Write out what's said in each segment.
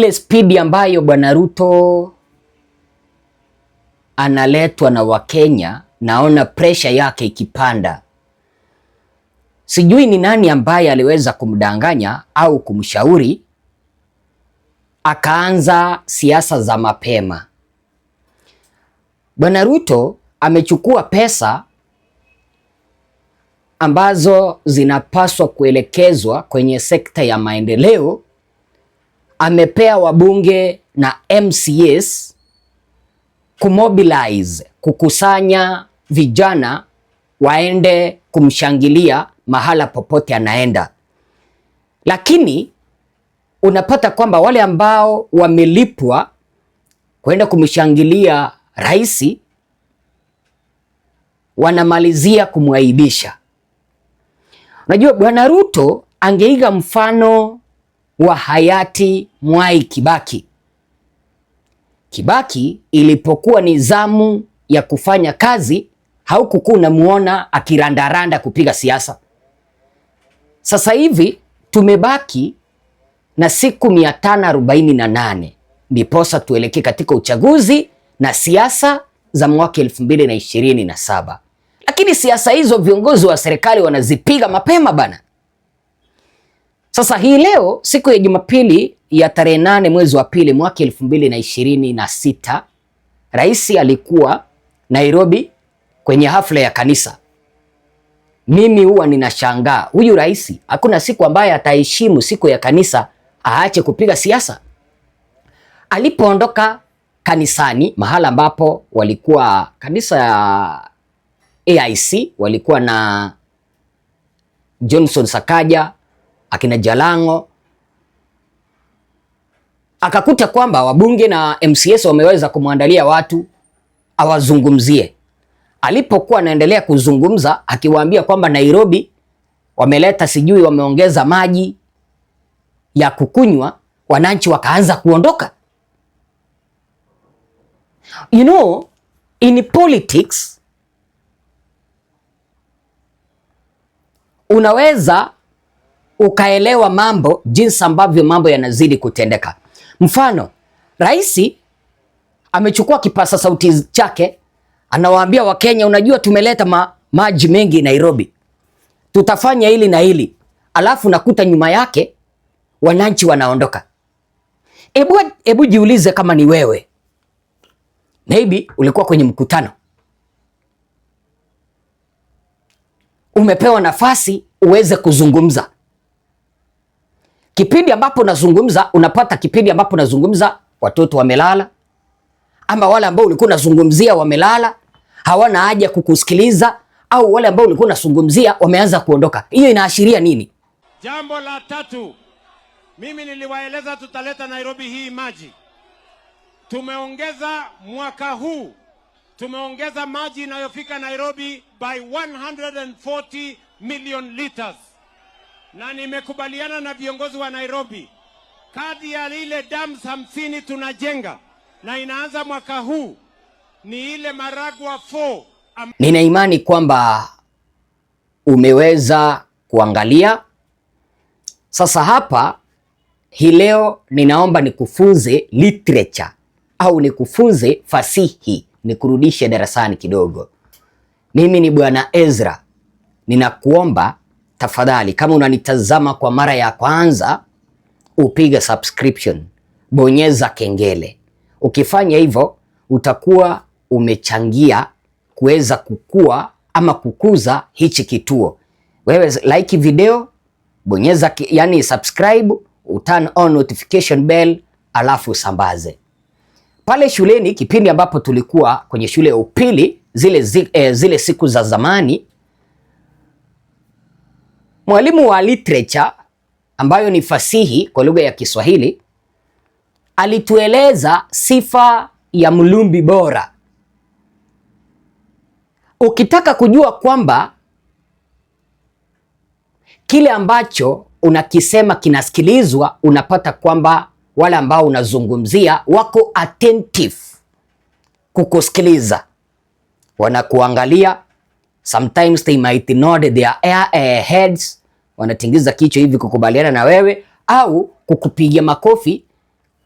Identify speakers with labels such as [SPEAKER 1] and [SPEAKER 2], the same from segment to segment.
[SPEAKER 1] ile spidi ambayo bwana Ruto analetwa na Wakenya, naona presha yake ikipanda. Sijui ni nani ambaye aliweza kumdanganya au kumshauri akaanza siasa za mapema. Bwana Ruto amechukua pesa ambazo zinapaswa kuelekezwa kwenye sekta ya maendeleo amepea wabunge na mcs kumobilize, kukusanya vijana waende kumshangilia mahala popote anaenda, lakini unapata kwamba wale ambao wamelipwa kwenda kumshangilia rais wanamalizia kumwaibisha. Unajua, Bwana Ruto angeiga mfano wa hayati Mwai Kibaki. Kibaki ilipokuwa ni zamu ya kufanya kazi, haukukuwa unamuona akirandaranda kupiga siasa. Sasa hivi tumebaki na siku mia tano arobaini na nane ndiposa tuelekee katika uchaguzi na siasa za mwaka elfu mbili na ishirini na saba lakini siasa hizo viongozi wa serikali wanazipiga mapema bana. Sasa hii leo siku ya Jumapili ya tarehe nane mwezi wa pili mwaka elfu mbili na ishirini na sita rais alikuwa Nairobi kwenye hafla ya kanisa. Mimi huwa ninashangaa huyu rais, hakuna siku ambaye ataheshimu siku ya kanisa, aache kupiga siasa. Alipoondoka kanisani, mahala ambapo walikuwa kanisa ya AIC, walikuwa na Johnson Sakaja akina Jalango, akakuta kwamba wabunge na MCS wameweza kumwandalia watu awazungumzie. Alipokuwa anaendelea kuzungumza, akiwaambia kwamba Nairobi wameleta sijui, wameongeza maji ya kukunywa, wananchi wakaanza kuondoka. You know, in politics unaweza ukaelewa mambo jinsi ambavyo mambo yanazidi kutendeka. Mfano, rais amechukua kipasa sauti chake anawaambia Wakenya, unajua tumeleta ma, maji mengi Nairobi, tutafanya hili na hili, alafu nakuta nyuma yake wananchi wanaondoka. Ebu, ebu jiulize kama ni wewe, maybe ulikuwa kwenye mkutano umepewa nafasi uweze kuzungumza Kipindi ambapo nazungumza unapata, kipindi ambapo nazungumza watoto wamelala, ama wale ambao ulikuwa unazungumzia wamelala, hawana haja kukusikiliza, au wale ambao ulikuwa unazungumzia wameanza kuondoka. Hiyo inaashiria nini? Jambo la tatu, mimi niliwaeleza tutaleta Nairobi hii maji. Tumeongeza mwaka huu, tumeongeza maji inayofika Nairobi by 140 million liters na nimekubaliana na viongozi wa Nairobi, kadi ya ile dams hamsini tunajenga na inaanza mwaka huu ni ile Maragwa 4. Nina imani kwamba umeweza kuangalia. Sasa hapa hii leo ninaomba nikufunze literature au nikufunze fasihi, nikurudishe darasani kidogo. Mimi ni Bwana Ezra, ninakuomba tafadhali kama unanitazama kwa mara ya kwanza, upiga subscription, bonyeza kengele. Ukifanya hivyo, utakuwa umechangia kuweza kukua ama kukuza hichi kituo. Wewe like video, bonyeza yani subscribe, turn on notification bell, alafu sambaze pale shuleni. Kipindi ambapo tulikuwa kwenye shule ya upili zile, zi, eh, zile siku za zamani Mwalimu wa literature ambayo ni fasihi kwa lugha ya Kiswahili alitueleza sifa ya mlumbi bora. Ukitaka kujua kwamba kile ambacho unakisema kinasikilizwa, unapata kwamba wale ambao unazungumzia wako attentive kukusikiliza, wanakuangalia. Sometimes they might nod their eh, heads wanatingiza kichwa hivi kukubaliana na wewe au kukupiga makofi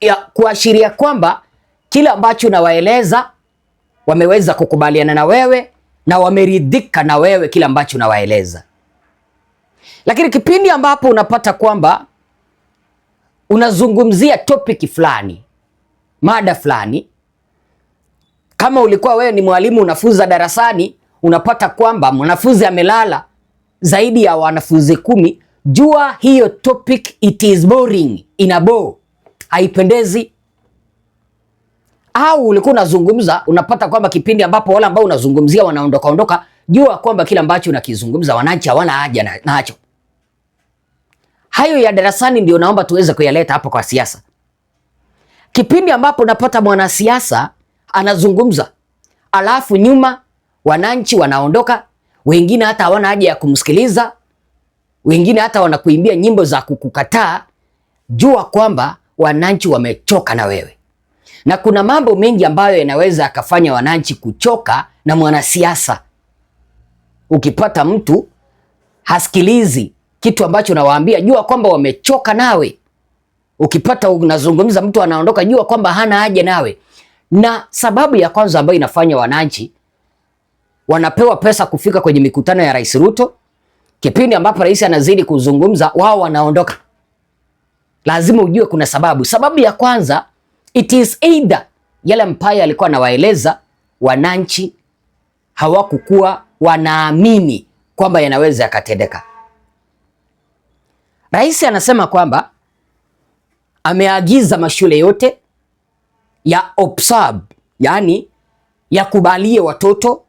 [SPEAKER 1] ya kuashiria kwamba kila ambacho unawaeleza wameweza kukubaliana na wewe na wameridhika na wewe kila ambacho unawaeleza. Lakini kipindi ambapo unapata kwamba unazungumzia topic fulani, mada fulani, kama ulikuwa wewe ni mwalimu unafunza darasani, unapata kwamba mwanafunzi amelala zaidi ya wanafunzi kumi, jua hiyo topic it is boring, ina bo haipendezi. Au ulikuwa unazungumza unapata kwamba kipindi ambapo wale ambao unazungumzia wanaondoka ondoka, jua kwamba kile ambacho unakizungumza wananchi hawana haja nacho. Hayo ya darasani ndio naomba tuweze kuyaleta hapo kwa siasa. Kipindi ambapo unapata mwanasiasa anazungumza alafu nyuma wananchi wanaondoka wengine hata hawana haja ya kumsikiliza, wengine hata wanakuimbia nyimbo za kukukataa. Jua kwamba wananchi wamechoka na wewe, na kuna mambo mengi ambayo yanaweza akafanya wananchi kuchoka na mwanasiasa. Ukipata mtu hasikilizi kitu ambacho unawaambia jua kwamba wamechoka nawe. Ukipata unazungumza mtu anaondoka, jua kwamba hana haja nawe. Na sababu ya kwanza ambayo inafanya wananchi wanapewa pesa kufika kwenye mikutano ya Rais Ruto. Kipindi ambapo rais anazidi kuzungumza, wao wanaondoka. Lazima ujue kuna sababu. Sababu ya kwanza, it is either yale mpaya alikuwa anawaeleza wananchi hawakukuwa wanaamini kwamba yanaweza yakatendeka. Rais anasema kwamba ameagiza mashule yote ya observe, yani yakubalie watoto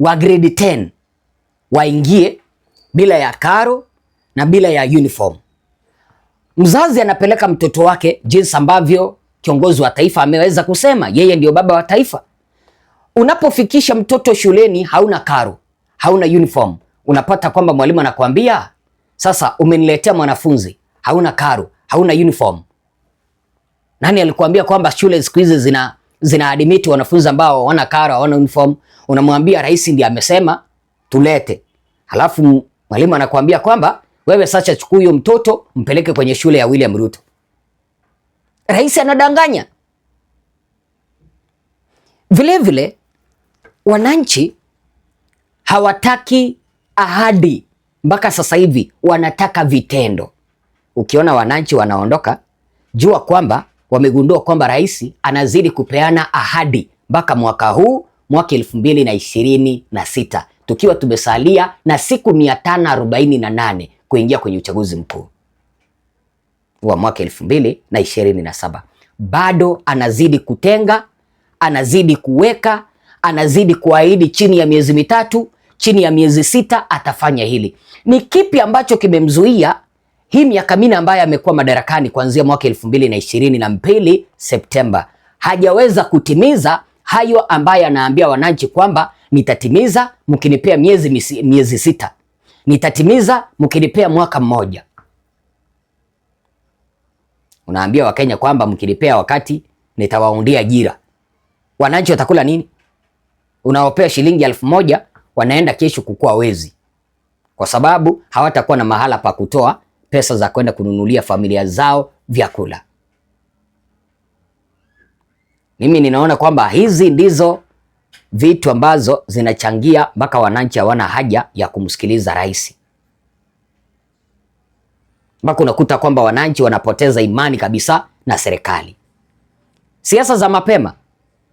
[SPEAKER 1] wa grade 10 waingie bila ya karo na bila ya uniform. Mzazi anapeleka mtoto wake jinsi ambavyo kiongozi wa taifa ameweza kusema yeye ndio baba wa taifa. Unapofikisha mtoto shuleni hauna karo, hauna uniform, unapata kwamba mwalimu anakuambia sasa, umeniletea mwanafunzi hauna karo, hauna uniform. Nani alikuambia kwamba shule siku hizi zina zinaadmit wanafunzi ambao hawana karo, hawana uniform, unamwambia rais ndiye amesema tulete. Halafu mwalimu anakuambia kwamba wewe sasa chukua huyo mtoto mpeleke kwenye shule ya William Ruto. Rais anadanganya. Vile vile wananchi hawataki ahadi mpaka sasa hivi, wanataka vitendo. Ukiona wananchi wanaondoka, jua kwamba wamegundua kwamba rais anazidi kupeana ahadi mpaka mwaka huu, mwaka elfu mbili na ishirini na sita tukiwa tumesalia na siku mia tano arobaini na nane kuingia kwenye uchaguzi mkuu wa mwaka elfu mbili na ishirini na saba bado anazidi kutenga, anazidi kuweka, anazidi kuahidi chini ya miezi mitatu, chini ya miezi sita atafanya hili. Ni kipi ambacho kimemzuia hii miaka minne ambayo amekuwa madarakani kuanzia mwaka elfu mbili na ishirini na mbili Septemba, hajaweza kutimiza hayo ambayo anaambia wananchi kwamba nitatimiza mkinipea miezi, miezi sita nitatimiza mkinipea mwaka mmoja. Unaambia Wakenya kwamba mkinipea wakati nitawaundia ajira, wananchi watakula nini? Unaopea shilingi elfu moja wanaenda kesho kukua wezi, kwa sababu hawatakuwa na mahala pa kutoa pesa za kwenda kununulia familia zao vyakula. Mimi ninaona kwamba hizi ndizo vitu ambazo zinachangia mpaka wananchi hawana haja ya kumsikiliza rais, mpaka unakuta kwamba wananchi wanapoteza imani kabisa na serikali. Siasa za mapema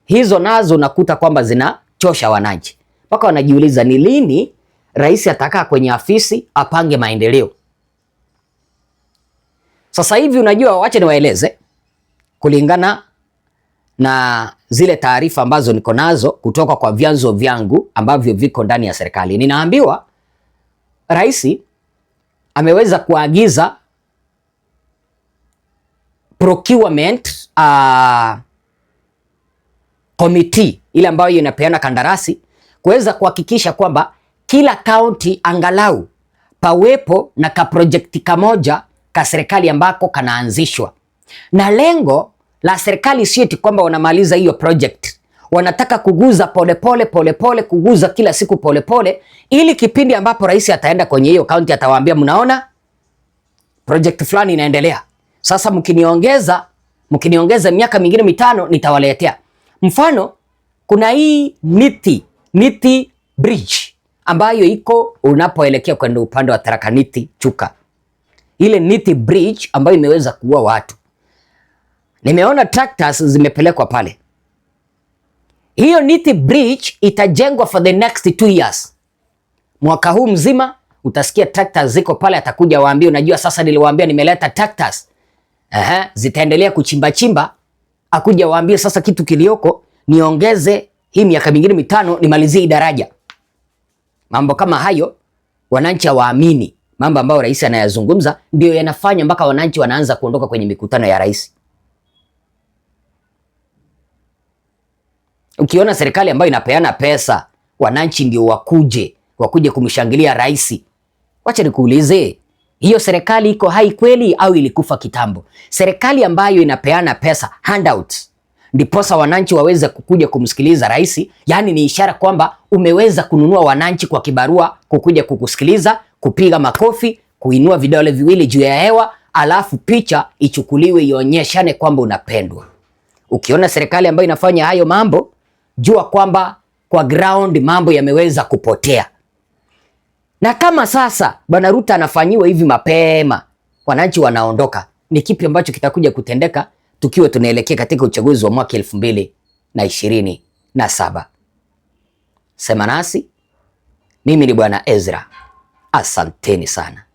[SPEAKER 1] hizo nazo unakuta kwamba zinachosha wananchi, mpaka wanajiuliza ni lini rais atakaa kwenye afisi apange maendeleo sasa hivi unajua, wache niwaeleze kulingana na zile taarifa ambazo niko nazo kutoka kwa vyanzo vyangu ambavyo viko ndani ya serikali, ninaambiwa rais ameweza kuagiza procurement uh, committee ile ambayo inapeana kandarasi kuweza kuhakikisha kwamba kila kaunti angalau pawepo na kaprojekti kamoja ka serikali ambako kanaanzishwa, na lengo la serikali sio eti kwamba wanamaliza hiyo project wanataka kuguza polepole polepole pole, kuguza kila siku polepole pole, ili kipindi ambapo rais ataenda kwenye hiyo kaunti atawaambia mnaona project fulani inaendelea sasa, mkiniongeza mkiniongeza miaka mingine mitano nitawaletea. Mfano, kuna hii Niti Niti Bridge ambayo iko unapoelekea kwenda upande wa Tharaka Nithi Chuka ile Nithi Bridge ambayo imeweza kuua watu. Nimeona tractors zimepelekwa pale. Hiyo Nithi Bridge itajengwa for the next two years. Mwaka huu mzima utasikia tractors ziko pale, atakuja waambie, unajua sasa niliwaambia nimeleta tractors. Aha, zitaendelea kuchimba chimba, akuja waambie sasa kitu kilioko niongeze hii miaka mingine mitano nimalizie daraja. Mambo kama hayo wananchi hawaamini mambo ambayo rais anayazungumza ndio yanafanya mpaka wananchi wanaanza kuondoka kwenye mikutano ya rais. Ukiona serikali ambayo inapeana pesa, wananchi ndio wakuje wakuje kumshangilia rais, wacha nikuulize, hiyo serikali iko hai kweli au ilikufa kitambo? Serikali ambayo inapeana pesa handouts, ndiposa wananchi waweze kukuja kumsikiliza rais, yaani ni ishara kwamba umeweza kununua wananchi kwa kibarua kukuja kukusikiliza kupiga makofi, kuinua vidole viwili juu ya hewa, alafu picha ichukuliwe ionyeshane kwamba unapendwa. Ukiona serikali ambayo inafanya hayo mambo, jua kwamba kwa ground mambo yameweza kupotea. Na kama sasa Bwana Ruta anafanyiwa hivi mapema, wananchi wanaondoka, ni kipi ambacho kitakuja kutendeka tukiwa tunaelekea katika uchaguzi wa mwaka elfu mbili na ishirini na saba? Sema nasi, mimi ni Bwana Ezra. Asanteni sana.